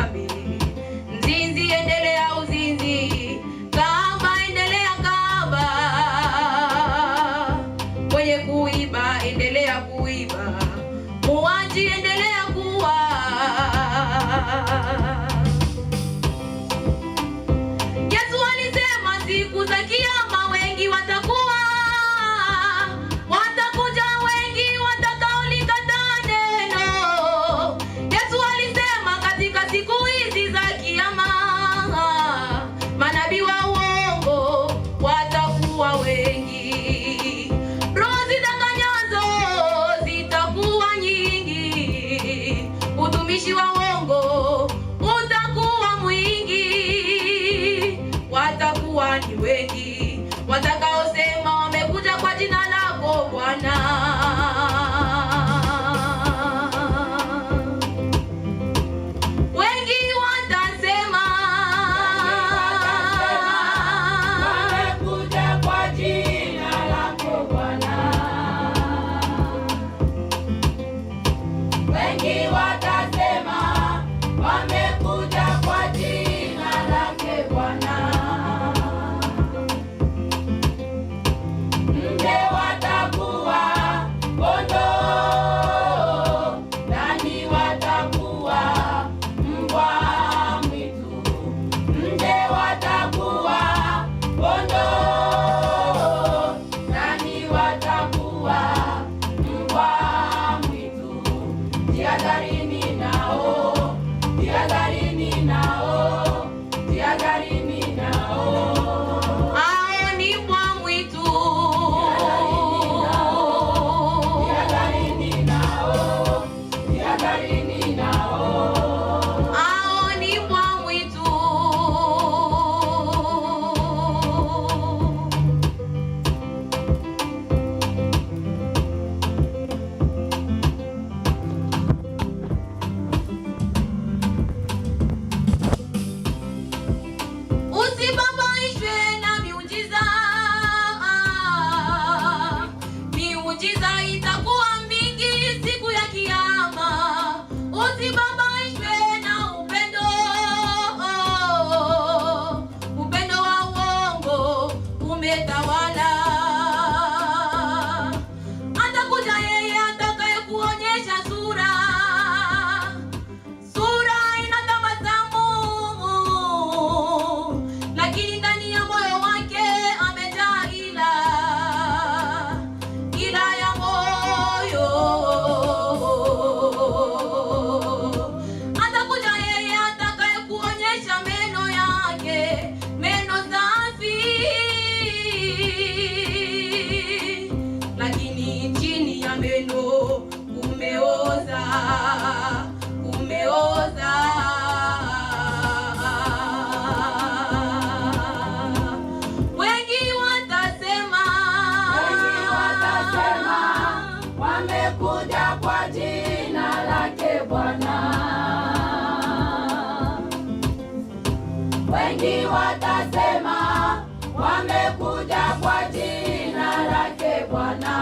sabe? Mji wa uongo chini ya meno umeoza, umeoza, wengi watasema, wengi watasema wamekuja kwa jina lake Bwana, wengi watasema wamekuja kwa jina lake Bwana.